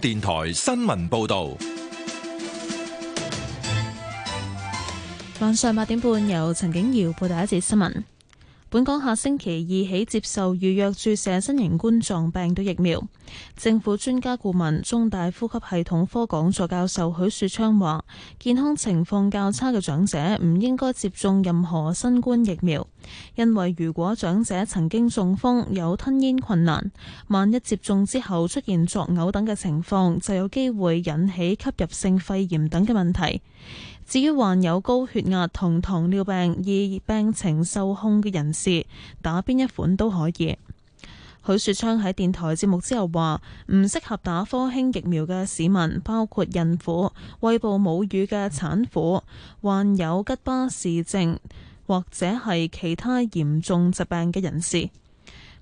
電台新聞報道，晚上八點半由陳景瑤報道一節新聞。本港下星期二起接受預約注射新型冠狀病毒疫苗。政府專家顧問、中大呼吸系統科講座教授許樹昌話健康情況較差嘅長者唔應該接種任何新冠疫苗，因為如果長者曾經中風，有吞咽困難，萬一接種之後出現作嘔等嘅情況，就有機會引起吸入性肺炎等嘅問題。至於患有高血壓同糖尿病而病情受控嘅人士，打邊一款都可以。許樹昌喺電台節目之後話：唔適合打科興疫苗嘅市民包括孕婦、餵哺母乳嘅產婦、患有吉巴氏症或者係其他嚴重疾病嘅人士。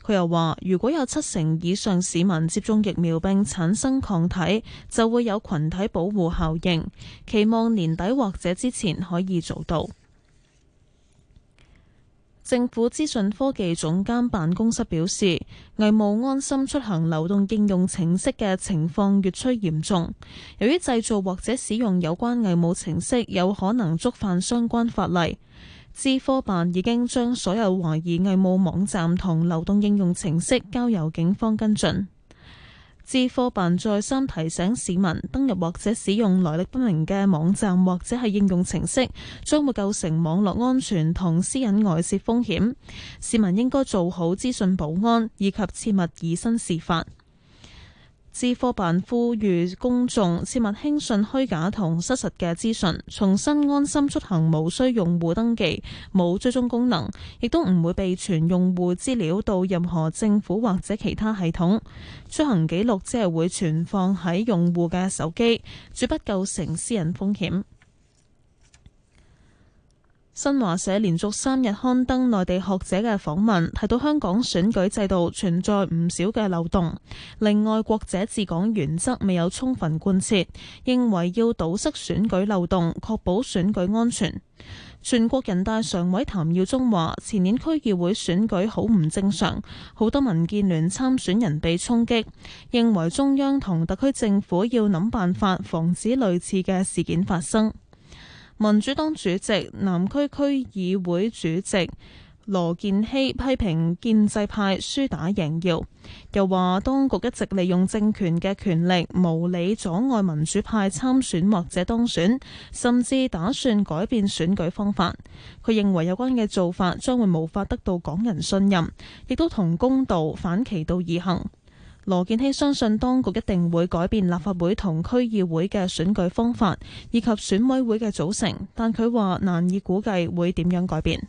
佢又話：如果有七成以上市民接種疫苗並產生抗體，就會有群體保護效應。期望年底或者之前可以做到。政府資訊科技總監辦公室表示，偽冒安心出行流動應用程式嘅情況越趨嚴重，由於製造或者使用有關偽冒程式，有可能觸犯相關法例。資科辦已經將所有懷疑偽冒網站同流動應用程式交由警方跟進。資科辦再三提醒市民，登入或者使用來歷不明嘅網站或者係應用程式，將會構成網絡安全同私隱外泄風險。市民應該做好資訊保安，以及切勿以身試法。資科辦呼籲公眾切勿輕信虛假同失實嘅資訊。重新安心出行，無需用戶登記，冇追蹤功能，亦都唔會被傳用戶資料到任何政府或者其他系統，出行記錄只係會存放喺用戶嘅手機，絕不構成私隱風險。新華社連續三日刊登內地學者嘅訪問，提到香港選舉制度存在唔少嘅漏洞，令愛國者治港原則未有充分貫徹。認為要堵塞選舉漏洞，確保選舉安全。全國人大常委譚耀宗話：前年區議會選舉好唔正常，好多民建聯參選人被衝擊，認為中央同特區政府要諗辦法防止類似嘅事件發生。民主黨主席，南區區議會主席羅健熙批評建制派輸打贏要，又話當局一直利用政權嘅權力無理阻礙民主派參選或者當選，甚至打算改變選舉方法。佢認為有關嘅做法將會無法得到港人信任，亦都同公道反其道而行。羅建熙相信當局一定會改變立法會同區議會嘅選舉方法，以及選委會嘅組成，但佢話難以估計會點樣改變。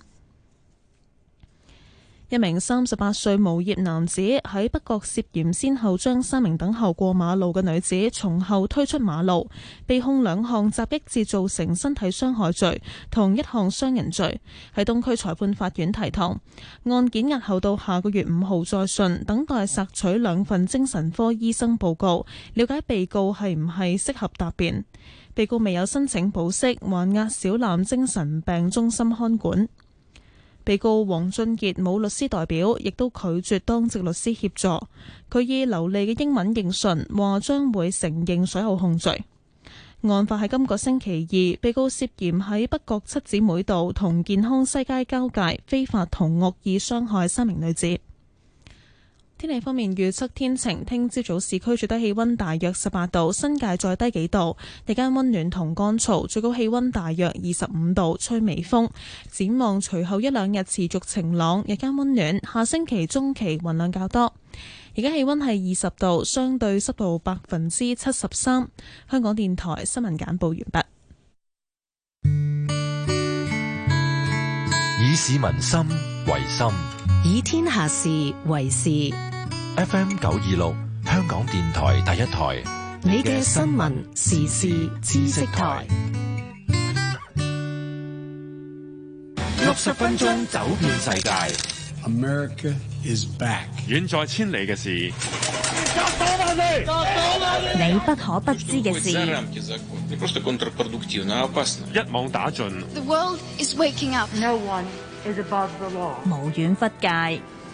一名三十八歲無業男子喺北角涉嫌先後將三名等候過馬路嘅女子從後推出馬路，被控兩項襲擊致造成身體傷害罪，同一項傷人罪，喺東區裁判法院提堂。案件押後到下個月五號再訊，等待索取兩份精神科醫生報告，了解被告係唔係適合答辯。被告未有申請保釋，還押小欖精神病中心看管。被告王俊杰冇律師代表，亦都拒絕當值律師協助。佢以流利嘅英文應訊，話將會承認所有控罪。案發喺今個星期二，被告涉嫌喺北角七姊妹道同健康西街交界非法同惡意傷害三名女子。天氣方面預測天晴，聽朝早市區最低氣溫大約十八度，新界再低幾度，日間溫暖同乾燥，最高氣溫大約二十五度，吹微風。展望隨後一兩日持續晴朗，日間溫暖，下星期中期雲量較多。而家氣溫係二十度，相對濕度百分之七十三。香港電台新聞簡報完畢。以市民心為心，以天下事為事。FM 九二六，香港電台第一台，你嘅新聞時事知識台，六十分鐘走遍世界，America is back，遠在千里嘅事，你不可不知嘅事，一網打盡，The world is waking up, no one is above the law，無遠弗屆。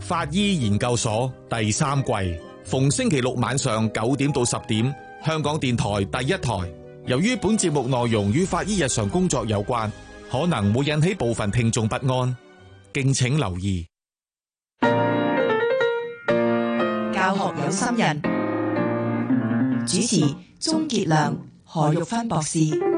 法醫研究所第三季，逢星期六晚上九點到十點，香港電台第一台。由於本節目內容與法醫日常工作有關，可能會引起部分聽眾不安，敬請留意。教學有心人，主持鍾傑良、何玉芬博士。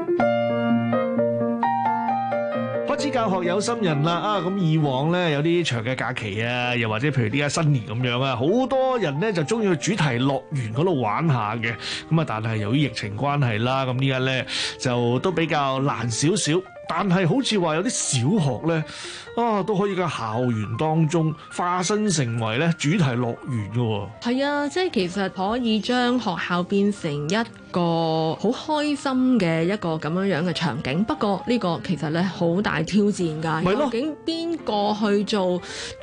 教學有心人啦啊。咁以往呢，有啲長嘅假期啊，又或者譬如呢家新年咁樣啊，好多人呢就鍾意去主題樂園嗰度玩下嘅。咁啊，但係由於疫情關係啦，咁呢家呢，就都比較難少少。但係好似話有啲小學呢。啊，都可以喺校園當中化身成為咧主題樂園嘅喎。係啊，即係其實可以將學校變成一個好開心嘅一個咁樣樣嘅場景。不過呢個其實咧好大挑戰㗎。啊、究竟邊個去做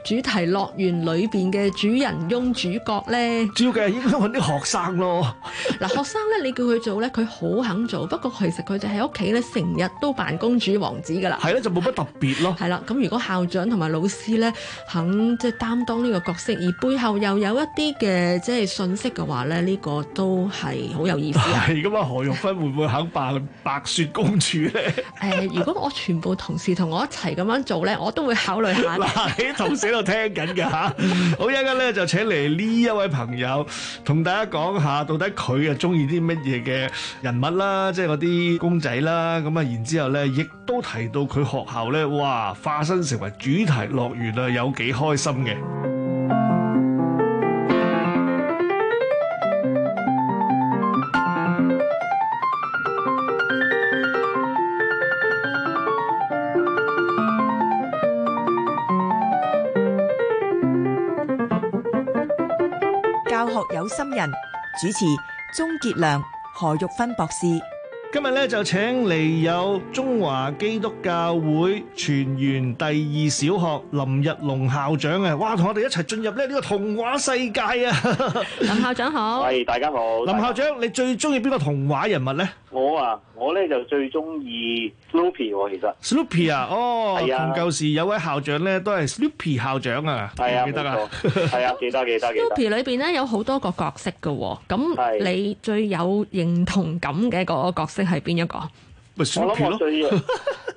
主題樂園裏邊嘅主人翁主角咧？主要嘅應該揾啲學生咯。嗱、 啊，學生咧，你叫佢做咧，佢好肯做。不過其實佢哋喺屋企咧，成日都扮公主王子㗎啦。係咯、 啊，就冇乜特別咯。係啦、 啊，咁如果校長同埋老師咧，肯即係擔當呢個角色，而背後又有一啲嘅即係信息嘅話咧，呢、這個都係好有意思。係咁啊，何玉芬會唔會肯扮白雪公主咧？誒、 呃，如果我全部同事同我一齊咁樣做咧，我都會考慮下啦。啲、 啊、同事喺度聽緊噶吓， 好，一陣間咧就請嚟呢一位朋友同大家講下，到底佢啊中意啲乜嘢嘅人物啦，即係嗰啲公仔啦。咁啊，然之後咧，亦都提到佢學校咧，哇，化身。成為主題樂園啊，有幾開心嘅！教學有心人，主持鍾傑良、何玉芬博士。今日咧就請嚟有中華基督教會全完第二小學林逸龍校長啊，哇，同我哋一齊進入咧呢個童話世界啊！ 林校長好，喂，大家好，林校長，家你最中意邊個童話人物咧？我啊，我咧就最中意 Sloopy 喎，其實。Sloopy 啊，哦，同舊時有位校長咧，都係 Sloopy 校長啊。係啊，記得啊，係啊，記得記得。Sloopy 裏邊咧有好多個角色嘅喎，咁你最有認同感嘅個角色係邊一個？咪 Sloopy 咯，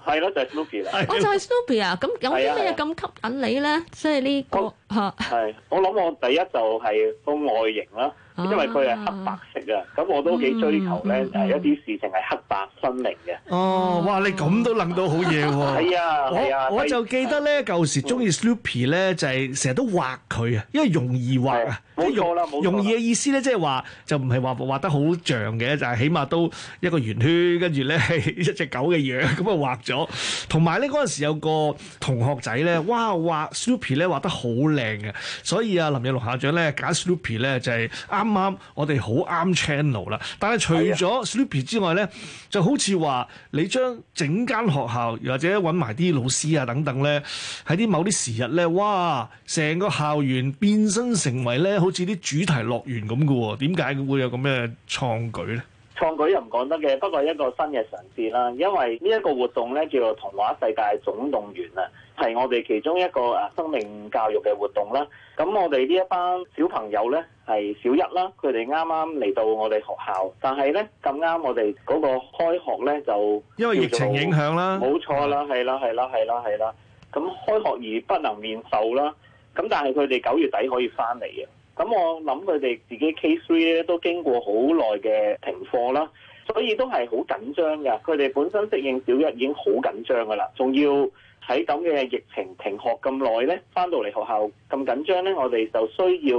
係咯，就係 Sloopy 啦。我就係 Sloopy 啊，咁有啲咩嘢咁吸引你咧？即係呢個嚇。係，我諗我第一就係個外形啦。因為佢係黑白色啊，咁我都幾追求咧，就係一啲事情係黑白分明嘅。哦，哇，你咁都諗到好嘢喎！係啊，係 我啊我，我就記得咧，舊時中意 Sloopy 咧，就係成日都畫佢啊，因為容易畫啊。嗯、容易嘅意思咧，即係話就唔係畫畫得好像嘅，就係起碼都一個圓圈，跟住咧一隻狗嘅樣咁啊畫咗。同埋咧嗰陣時有個同學仔咧，哇畫 Sloopy 咧畫得好靚嘅，所以啊林逸龍校長咧揀 Sloopy 咧就係、是啊啱啱我哋好啱 channel 啦，但係除咗 Snoopy 之外咧，就好似話你將整間學校或者揾埋啲老師啊等等咧，喺啲某啲時日咧，哇！成個校園變身成為咧，好似啲主題樂園咁噶喎，點解會有咁嘅創舉咧？創舉又唔講得嘅，不過一個新嘅嘗試啦。因為呢一個活動咧叫做《童話世界總動員》啊，係我哋其中一個誒生命教育嘅活動啦。咁我哋呢一班小朋友咧係小一啦，佢哋啱啱嚟到我哋學校，但係咧咁啱我哋嗰個開學咧就因為疫情影響啦，冇錯啦，係啦，係啦，係啦，係啦，咁開學而不能面授啦。咁但係佢哋九月底可以翻嚟嘅。咁我諗佢哋自己 K3 咧都經過好耐嘅停課啦，所以都係好緊張㗎。佢哋本身適應小一已經好緊張噶啦，仲要喺咁嘅疫情停學咁耐咧，翻到嚟學校咁緊張咧，我哋就需要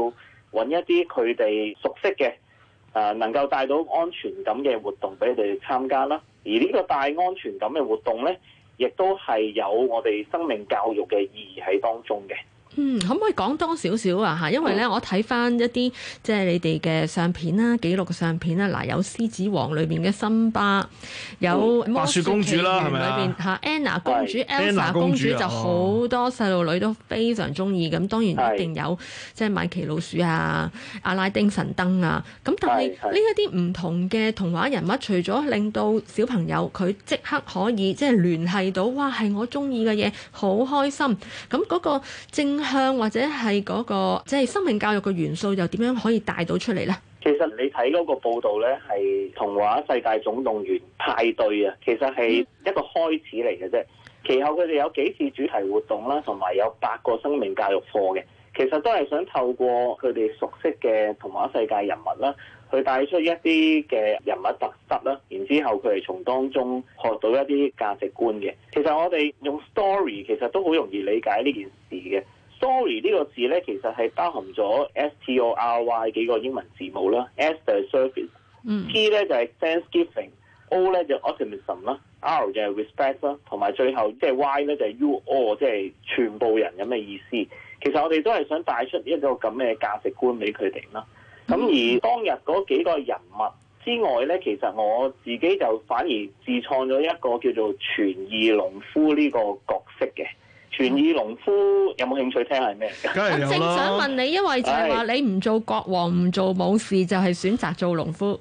揾一啲佢哋熟悉嘅，啊能夠帶到安全感嘅活動俾佢哋參加啦。而呢個帶安全感嘅活動咧，亦都係有我哋生命教育嘅意義喺當中嘅。嗯，可唔可以講多少少啊？嚇，因為咧，我睇翻一啲即係你哋嘅相片啦，記錄嘅相片啦，嗱、啊，有《獅子王》裏邊嘅辛巴，有《白雪公主》啦，係咪啊？嚇，Anna 公主、是 Elsa 公主、嗯、就好多細路女都非常中意。咁當然一定有是即係《米奇老鼠》啊，《阿拉丁神燈》啊。咁但係呢一啲唔同嘅童話人物，除咗令到小朋友佢即刻可以即係、就是、聯繫到，哇係我中意嘅嘢，好開心。咁嗰個正。向或者係嗰個即係生命教育嘅元素，又點樣可以帶到出嚟呢？其實你睇嗰個報道呢，係童話世界總動員派對啊，其實係一個開始嚟嘅啫。其後佢哋有幾次主題活動啦，同埋有八個生命教育課嘅，其實都係想透過佢哋熟悉嘅童話世界人物啦，去帶出一啲嘅人物特質啦。然之後佢哋從當中學到一啲價值觀嘅。其實我哋用 story，其實都好容易理解呢件事嘅。sorry 呢個字咧，其實係包含咗 s t o r y 幾個英文字母啦。s 就係 service 嗯，t 咧就係 thanksgiving，o 咧就 optimism 啦，r 就係 respect 啦，同埋最後即係 y 咧就係 you all 即係全部人咁嘅意思。其實我哋都係想帶出一個咁嘅價值觀俾佢哋啦。咁、mm. 而當日嗰幾個人物之外咧，其實我自己就反而自創咗一個叫做全義農夫呢個角色嘅。全義農夫有冇興趣聽係咩？ 我正想問你，因為就係話你唔做國王，唔是做武士，就係、是、選擇做農夫，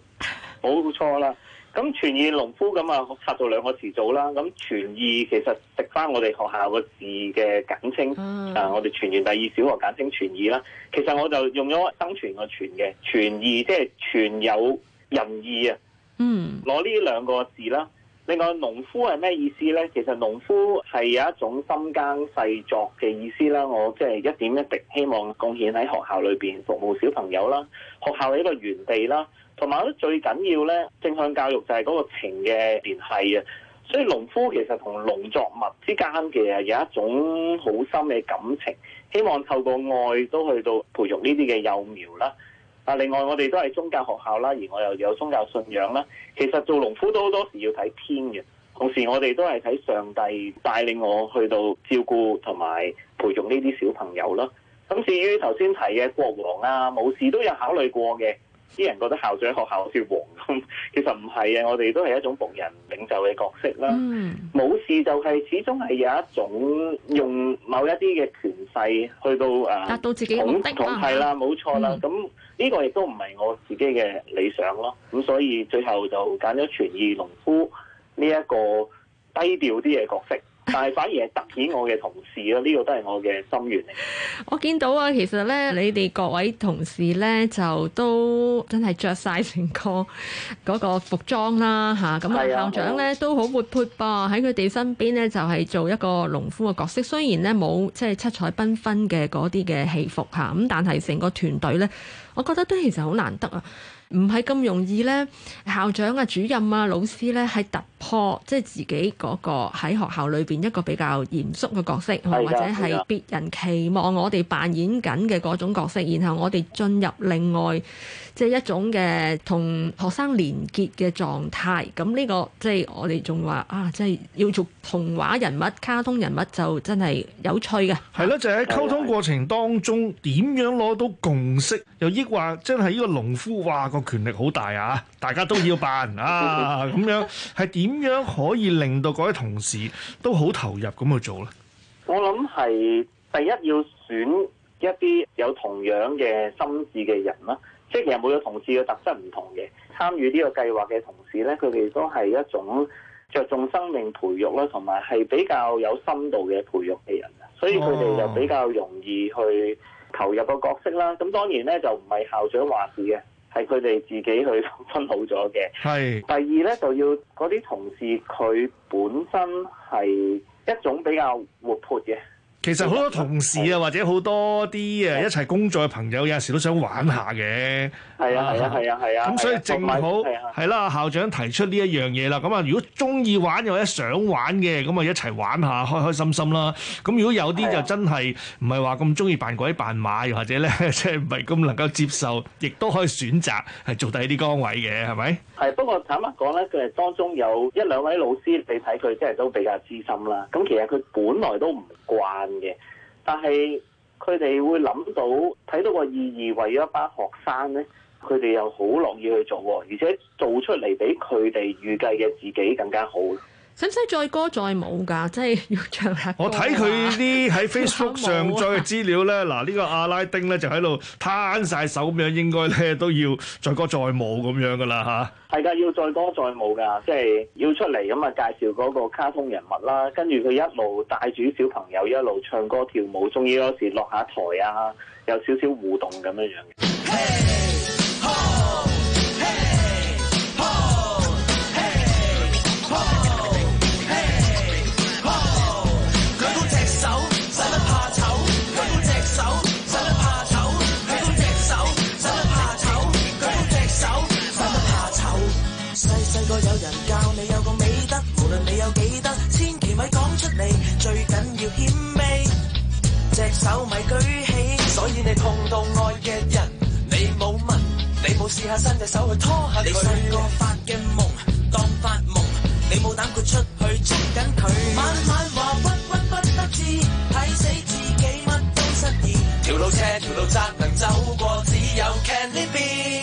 冇 錯啦。咁全義農夫咁啊，拆做兩個詞組啦。咁全義其實食翻我哋學校個字嘅簡稱啊，我哋全完第二小學簡稱全義啦。其實我就用咗生存個全嘅全義，即係全有仁義」。啊。嗯，攞呢兩個字啦。另外農夫係咩意思呢？其實農夫係有一種深耕細作嘅意思啦。我即係一點一滴希望貢獻喺學校裏邊服務小朋友啦，學校嘅一個園地啦。同埋我覺得最緊要呢，正向教育就係嗰個情嘅聯繫啊。所以農夫其實同農作物之間嘅有一種好深嘅感情，希望透過愛都去到培育呢啲嘅幼苗啦。啊！另外，我哋都係宗教學校啦，而我又有宗教信仰啦。其實做農夫都好多時要睇天嘅，同時我哋都係睇上帝帶領我去到照顧同埋培育呢啲小朋友啦。咁至於頭先提嘅國王啊、武士都有考慮過嘅。啲人覺得校長喺學校好似王咁，其實唔係啊，我哋都係一種僕人領袖嘅角色啦。冇事、mm. 就係始終係有一種用某一啲嘅權勢去達到誒恐嚇，係啦，冇錯啦。咁呢個亦都唔係我自己嘅理想咯。咁、mm. 所以最後就揀咗全義農夫呢一個低調啲嘅角色。 但係反而係凸顯我嘅同事咯，呢、這個都係我嘅心願。 我見到啊，其實呢，你哋各位同事呢，就都真係着晒成個嗰、那個服裝啦，吓咁啊。校長呢 都好活潑噃，喺佢哋身邊呢，就係、是、做一個農夫嘅角色。雖然呢冇即係七彩繽紛嘅嗰啲嘅戲服吓，咁、啊、但係成個團隊呢，我覺得都其實好難得啊。唔係咁容易咧，校長啊、主任啊、老師咧、啊，係突破即係自己個喺學校裏邊一個比較嚴肅嘅角色，或者係別人期望我哋扮演緊嘅嗰種角色，然後我哋進入另外即係一種嘅同學生連結嘅狀態，咁呢、這個即係、就是、我哋仲話啊，即係要做童話人物、卡通人物就真係有趣嘅。係咯，就係、是、溝通過程當中點的樣攞到共識又抑話即係呢個農夫話。權力好大啊！大家都要辦 啊，咁樣，係點樣可以令到嗰啲同事都好投入咁去做咧？我諗，係第一要選一啲有同樣嘅心志嘅人啦。即係其實每個同事嘅特質唔同嘅，參與呢個計劃嘅同事咧，佢哋都係一種着重生命培育啦，同埋係比較有深度嘅培育嘅人，所以佢哋就比較容易去投入個角色啦。咁當然咧，就唔係校長話事嘅。係佢哋自己去分好咗嘅。係，第二咧就要嗰啲同事佢本身係一種比較活潑嘅。其實好多同事啊，或者好多啲啊一齊工作嘅朋友，有時都想玩下嘅。係啊，係啊，係啊，係啊。咁所以正好係啦，校長提出呢一樣嘢啦。咁啊，如果中意玩又或者想玩嘅，咁啊一齊玩下，開開心心啦。咁如果有啲就真係唔係話咁中意扮鬼扮馬，又或者咧即係唔係咁能夠接受，亦都可以選擇係做第二啲崗位嘅，係咪？係。不過坦白講咧，佢哋當中有一兩位老師，你睇佢真係都比較資深啦。咁其實佢本來都唔慣嘅，但係，佢哋會諗到睇到個意義。為咗一班學生咧，佢哋又好樂意去做，而且做出嚟比佢哋預計嘅自己更加好。使唔使載歌載舞噶？即係要唱下、啊。我睇佢啲喺 Facebook 上載嘅資料咧，嗱呢 個阿拉丁咧就喺度攤晒手咁樣，應該咧都要載歌載舞咁樣噶啦吓，係、啊、噶，要載歌載舞噶，即係要出嚟咁啊！介紹嗰個卡通人物啦，跟住佢一路帶住小朋友一路唱歌跳舞，仲要有時落下台啊，有少少互動咁樣樣。Hey! 細細個有人教你有個美德，無論你有幾得，千祈咪講出嚟，最緊要謙卑，隻手咪舉起。所以你碰到愛嘅人，你冇問，你冇試下伸隻手去拖下佢。你細個發嘅夢，當發夢，你冇膽豁出去捉緊佢。晚晚話屈屈不得志，睇死自己乜都失意。條路斜條路窄能走過，只有 can't l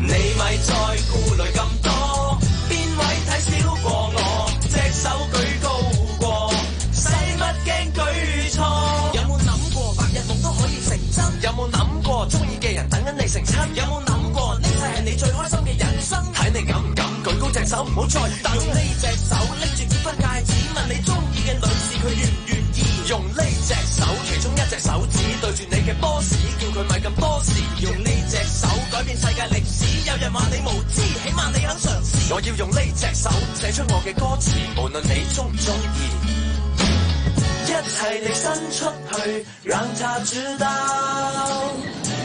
你咪再顧慮咁多，邊位睇少過我？隻手舉高過，使乜驚舉錯？有冇諗過白日夢都可以成真？有冇諗過中意嘅人等緊你成親？有冇諗過呢世係你最開心嘅人生？睇你敢唔敢舉高隻手，唔好再等。用呢隻手拎住結婚戒指，問你中意嘅女士佢願唔願意？用呢隻手其中一隻手指對住你嘅 boss，叫佢咪咁多事。用呢手改變世界歷史，有人話你無知，起碼你肯嘗試。我要用呢隻手寫出我嘅歌詞，無論你鍾唔鍾意，一齊嚟伸出去，讓佢知道，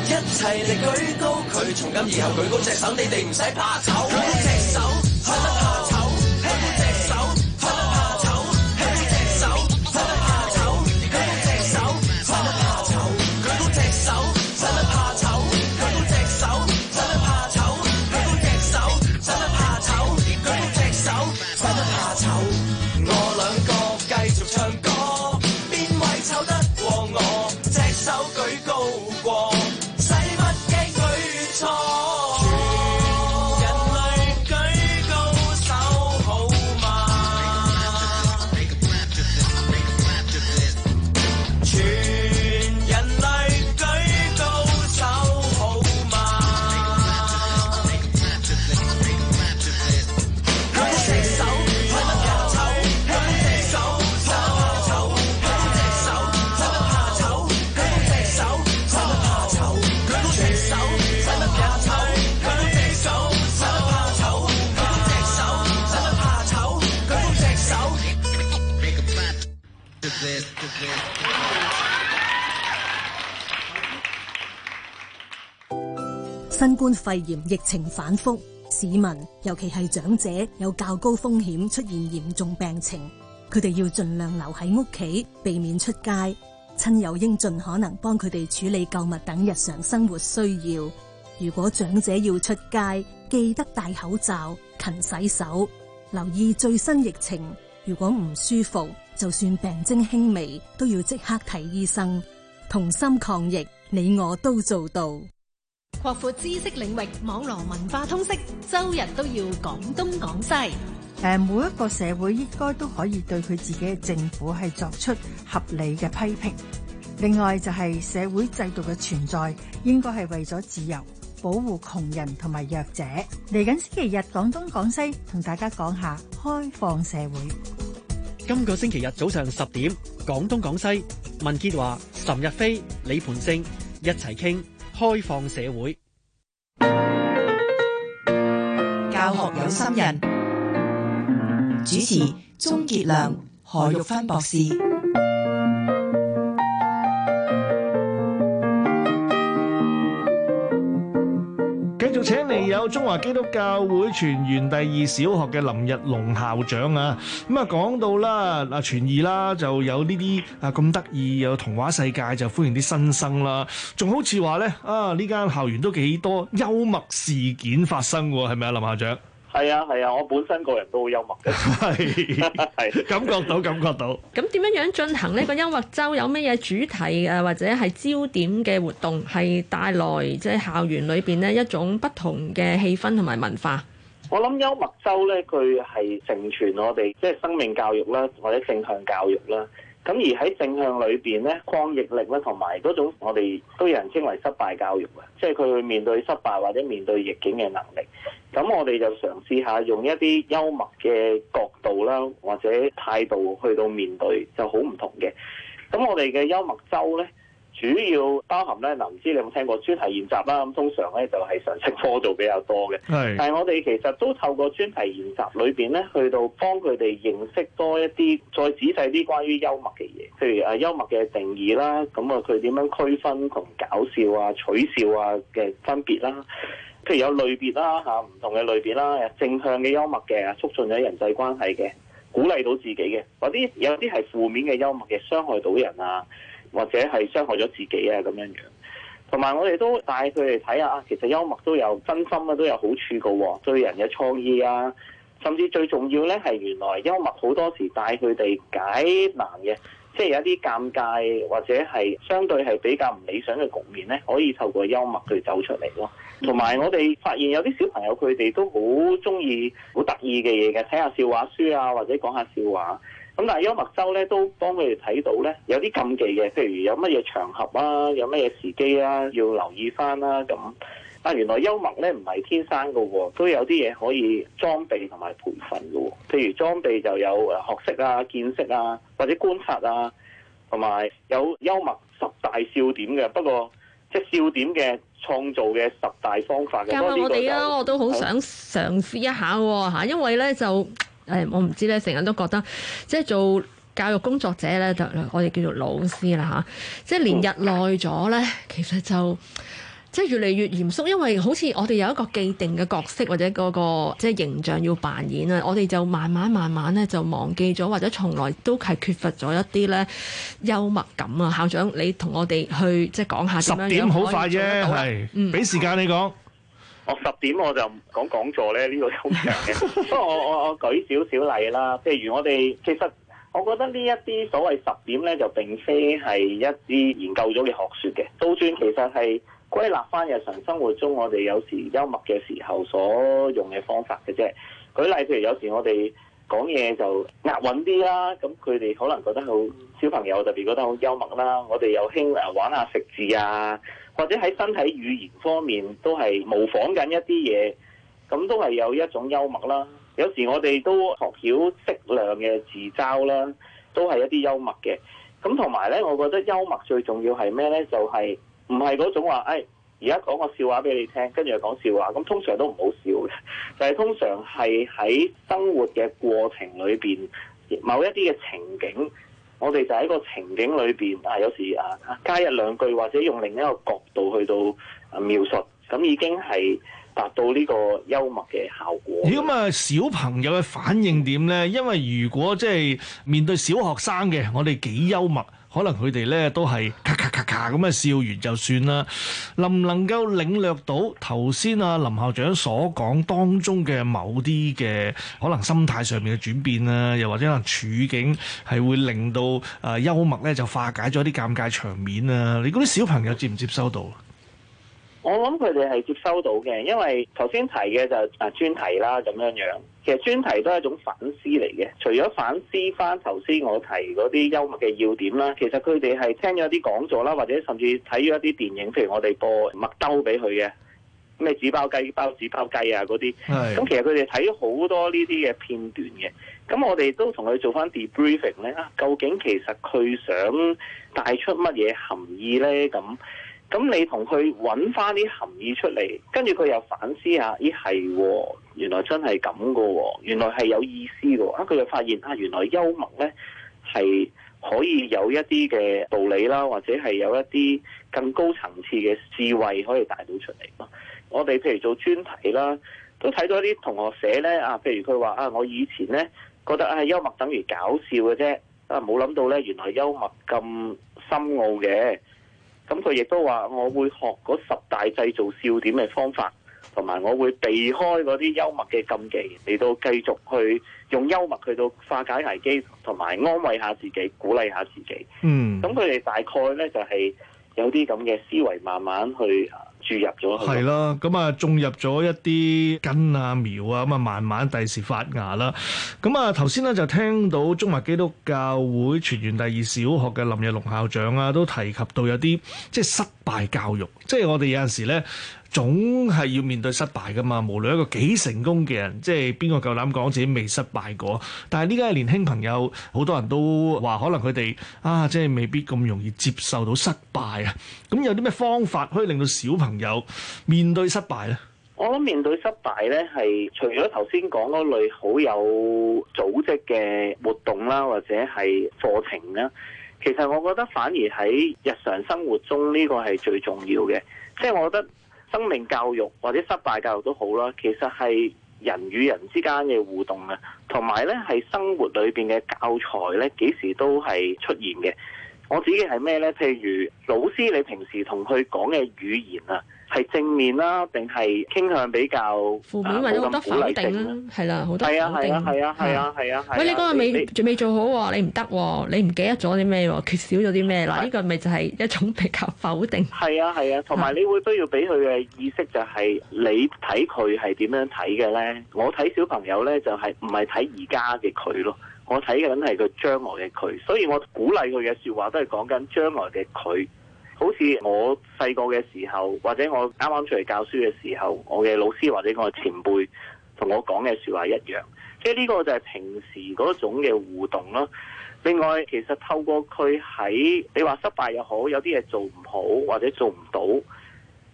一齊嚟舉高佢，從今以後舉高隻手，你哋唔使怕醜，舉高隻手，唔得怕醜。新冠肺炎疫情反覆，市民尤其係長者有較高風險出現嚴重病情，佢哋要盡量留喺屋企，避免出街。親友應盡可能幫佢哋處理購物等日常生活需要。如果長者要出街，記得戴口罩、勤洗手，留意最新疫情。如果唔舒服，就算病徵輕微，都要即刻睇醫生。同心抗疫，你我都做到。擴闊知識領域，網絡文化通識，周日都要講東講西。誒，每一個社會應該都可以對佢自己嘅政府係作出合理嘅批評。另外就係社會制度嘅存在，應該係為咗自由，保護窮人同埋弱者。嚟緊星期日，講東講西同大家講下開放社會。今個星期日早上十點，廣東廣西，文潔華，岑日飛，李盤星一齊傾開放社會。教學有心人，主持鍾杰良，何玉芬博士。請嚟，有中華基督教會全完第二小學嘅林逸龍校長啊，咁啊講到啦，嗱全二啦，就有呢啲啊咁得意，有童話世界就歡迎啲新生啦，仲好似話咧啊呢間校園都幾多幽默事件發生嘅係咪啊林校長？係啊係啊，我本身個人都好幽默嘅，係係感覺到感覺到。咁點 樣樣進行呢個幽默周有咩嘢主題啊，或者係焦點嘅活動，係帶來即係、就是、校園裏邊呢一種不同嘅氣氛同埋文化。我諗幽默周呢，佢係成全我哋即係生命教育啦，或者正向教育啦。咁而喺正向裏邊咧，抗逆力咧，同埋嗰種我哋都有人稱為失敗教育嘅，即係佢去面對失敗或者面對逆境嘅能力。咁我哋就嘗試下用一啲幽默嘅角度啦，或者態度去到面對就好唔同嘅。咁我哋嘅幽默週咧，主要包含咧，林唔知你有冇聽過專題研習啦？咁通常咧就係常識科度比較多嘅。係是，但係我哋其實都透過專題研習裏邊咧，去到幫佢哋認識多一啲，再仔細啲關於幽默嘅嘢，譬如啊幽默嘅定義啦，咁啊佢點樣區分同搞笑啊取笑啊嘅分別啦，譬如有類別啦嚇，唔同嘅類別啦，正向嘅幽默嘅，促進咗人際關係嘅，鼓勵到自己嘅，啲有啲係負面嘅幽默嘅，傷害到人啊。或者係傷害咗自己啊咁樣樣，同埋我哋都帶佢哋睇下，其實幽默都有真心啊，都有好處噶喎，對人嘅創意啊，甚至最重要呢係原來幽默好多時帶佢哋解難嘅，即係有一啲尷尬或者係相對係比較唔理想嘅局面呢，可以透過幽默去走出嚟咯。同埋我哋發現有啲小朋友佢哋都好中意好得意嘅嘢嘅，睇下笑話書啊，或者講下笑話。咁但係幽默周咧都幫佢哋睇到咧有啲禁忌嘅，譬如有乜嘢場合啊，有乜嘢時機啊，要留意翻啦咁。但原來幽默咧唔係天生嘅喎，都有啲嘢可以裝備同埋培訓嘅喎。譬如裝備就有誒學識啊、見識啊或者觀察啊，同埋有幽默十大笑點嘅。不過即係笑點嘅創造嘅十大方法嘅。教我哋啊，我都好想嘗試一下喎吓，因為咧就。誒、哎，我唔知咧，成日都覺得即係做教育工作者咧，我哋叫做老師啦嚇，即係連日耐咗咧，其實就即係越嚟越嚴肅，因為好似我哋有一個既定嘅角色或者、嗰個即係形象要扮演啊，我哋就慢慢慢慢咧就忘記咗，或者從來都係缺乏咗一啲咧幽默感啊！校長，你同我哋去即係講下點樣？十點好快啫，係，嗯，俾時間你講。我十、哦、點我就講講座咧，呢、呢個好長嘅。不過 我我我舉少少例啦，譬如我哋其實我覺得呢一啲所謂十點咧，就並非係一啲研究咗嘅學説嘅，都算其實係歸納翻日常生活中我哋有時幽默嘅時候所用嘅方法嘅啫。舉例譬如有時我哋講嘢就押韻啲啦，咁佢哋可能覺得好小朋友特別覺得好幽默啦。我哋又興啊玩下食字啊～或者喺身體語言方面都係模仿緊一啲嘢，咁都係有一種幽默啦。有時我哋都學曉適量嘅自嘲啦，都係一啲幽默嘅。咁同埋咧，我覺得幽默最重要係咩咧？就係唔係嗰種話，誒而家講個笑話俾你聽，跟住又講笑話。咁通常都唔好笑嘅，就係通常係喺生活嘅過程裏邊某一啲嘅情景。我哋就喺個情景裏邊，啊有時啊加一兩句，或者用另一個角度去到描述，咁已經係達到呢個幽默嘅效果。咁啊、哎，小朋友嘅反應點呢？因為如果即係面對小學生嘅，我哋幾幽默。可能佢哋咧都係咔咔咔咔咁嘅笑完就算啦，能唔能夠領略到頭先啊林校長所講當中嘅某啲嘅可能心態上面嘅轉變啊，又或者可能處境係會令到啊、呃、幽默咧就化解咗啲尷尬場面啊，你嗰啲小朋友接唔接收到？我諗佢哋係接收到嘅，因為頭先提嘅就係啊專題啦咁樣樣，其實專題都係一種反思嚟嘅。除咗反思翻頭先我提嗰啲幽默嘅要點啦，其實佢哋係聽咗啲講座啦，或者甚至睇咗一啲電影，譬如我哋播麥兜俾佢嘅咩紙包雞包紙包雞啊嗰啲。咁是的 其實佢哋睇好多呢啲嘅片段嘅，咁我哋都同佢做翻 debriefing 咧，究竟其實佢想帶出乜嘢含義咧？咁咁你同佢揾翻啲含義出嚟，跟住佢又反思下，咦係，原來真係咁噶，原來係有意思噶。啊，佢又發現啊，原來幽默呢係可以有一啲嘅道理啦，或者係有一啲更高層次嘅智慧可以帶到出嚟。我哋譬如做專題啦，都睇到一啲同學寫呢。啊，譬如佢話啊，我以前呢覺得啊幽默等於搞笑嘅啫，啊冇諗到呢原來幽默咁深奧嘅。咁佢亦都話：我會學嗰十大製造笑點嘅方法，同埋我會避開嗰啲幽默嘅禁忌，嚟到繼續去用幽默去到化解危機，同埋安慰下自己，鼓勵下自己。嗯，咁佢哋大概呢，就係有啲咁嘅思維，慢慢去。注入咗，係啦咁啊，種入咗一啲根啊苗啊，咁啊慢慢第時發芽啦。咁啊，頭先呢就聽到中華基督教會全完第二小學嘅林逸龍校長啊，都提及到有啲即係失敗教育，即係我哋有陣時呢。總係要面對失敗噶嘛，無論一個幾成功嘅人，即係邊個夠膽講自己未失敗過？但係呢家年輕朋友，好多人都話可能佢哋啊，即係未必咁容易接受到失敗啊。咁有啲咩方法可以令到小朋友面對失敗呢？我諗面對失敗呢，係除咗頭先講嗰類好有組織嘅活動啦，或者係課程啦，其實我覺得反而喺日常生活中呢個係最重要嘅，即係我覺得。生命教育或者失敗教育都好啦，其實係人與人之間嘅互動啊，同埋呢係生活裏邊嘅教材呢幾時都係出現嘅。我自己係咩呢？譬如老師，你平時同佢講嘅語言啊，係正面啦，定係傾向比較負面或者好多否定啦，係啦，好多否定係啊係啊係啊係啊係啊，喂，你嗰個未仲未做好喎，你唔得喎，你唔記得咗啲咩？缺少咗啲咩啦？呢個咪就係一種比較否定。係啊係啊，同埋你會需要俾佢嘅意識就係你睇佢係點樣睇嘅咧？我睇小朋友咧就係唔係睇而家嘅佢咯？我睇緊係佢將來嘅佢，所以我鼓勵佢嘅説話都係講緊將來嘅佢。好似我細個嘅時候，或者我啱啱出嚟教書嘅時候，我嘅老師或者我嘅前輩同我講嘅説話一樣，即係呢個就係平時嗰種嘅互動咯。另外，其實透過佢喺你話失敗又好，有啲嘢做唔好或者做唔到，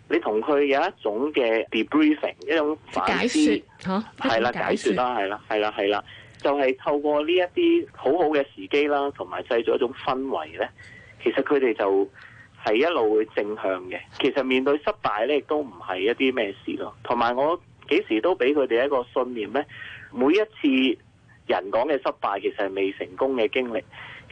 你同佢有一種嘅 debriefing，解說，一種反思，係啦，係嘅，解説啦，係啦，係啦，係啦，就係透過呢一啲好好嘅時機啦，同埋製造一種氛圍咧，其實佢哋就，係一路會正向嘅，其實面對失敗咧，亦都唔係一啲咩事咯。同埋我幾時都俾佢哋一個信念咧，每一次人講嘅失敗，其實係未成功嘅經歷，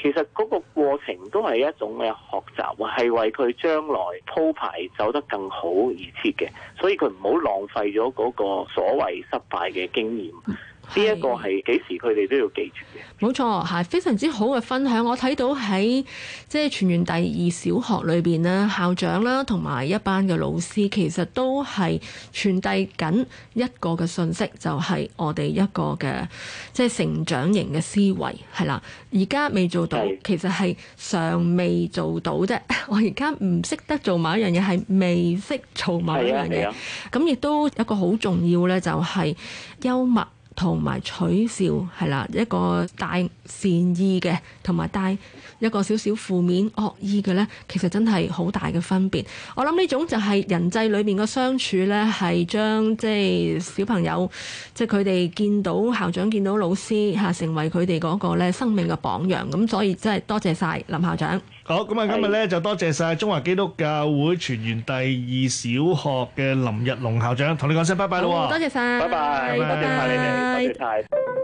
其實嗰個過程都係一種嘅學習，係為佢將來鋪排走得更好而設嘅，所以佢唔好浪費咗嗰個所謂失敗嘅經驗。嗯呢一個係幾時？佢哋都要記住嘅。冇錯，係非常之好嘅分享。我睇到喺即係全完第二小學裏邊咧，校長啦同埋一班嘅老師，其實都係傳遞緊一個嘅信息，就係、是、我哋一個嘅即係成長型嘅思維係啦。而家未做到，的其實係尚未做到啫。 我而家唔識得做某一樣嘢，係未識做某一樣嘢。咁亦都一個好重要咧，就係幽默。同埋取笑係啦，一個帶善意嘅，同埋帶一個少少負面惡意嘅呢，其實真係好大嘅分別。我諗呢種就係人際裏面嘅相處呢，係將即係小朋友，即係佢哋見到校長、見到老師嚇，成為佢哋嗰個呢生命嘅榜樣。咁所以真係多謝晒林校長。好，咁啊，今日咧，就多謝晒，中華基督教會全完第二小學嘅林逸龍校長，同你講聲拜拜啦。多謝晒，拜拜，哋你拜拜。Bye bye.